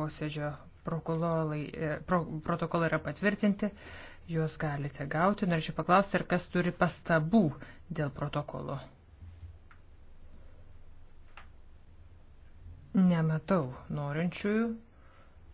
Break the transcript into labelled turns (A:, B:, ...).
A: posėdžio e, pro, protokolai yra patvirtinti, juos galite gauti. Norėčiau paklausti, ar kas turi pastabų dėl protokolo.
B: Nematau norinčiųjų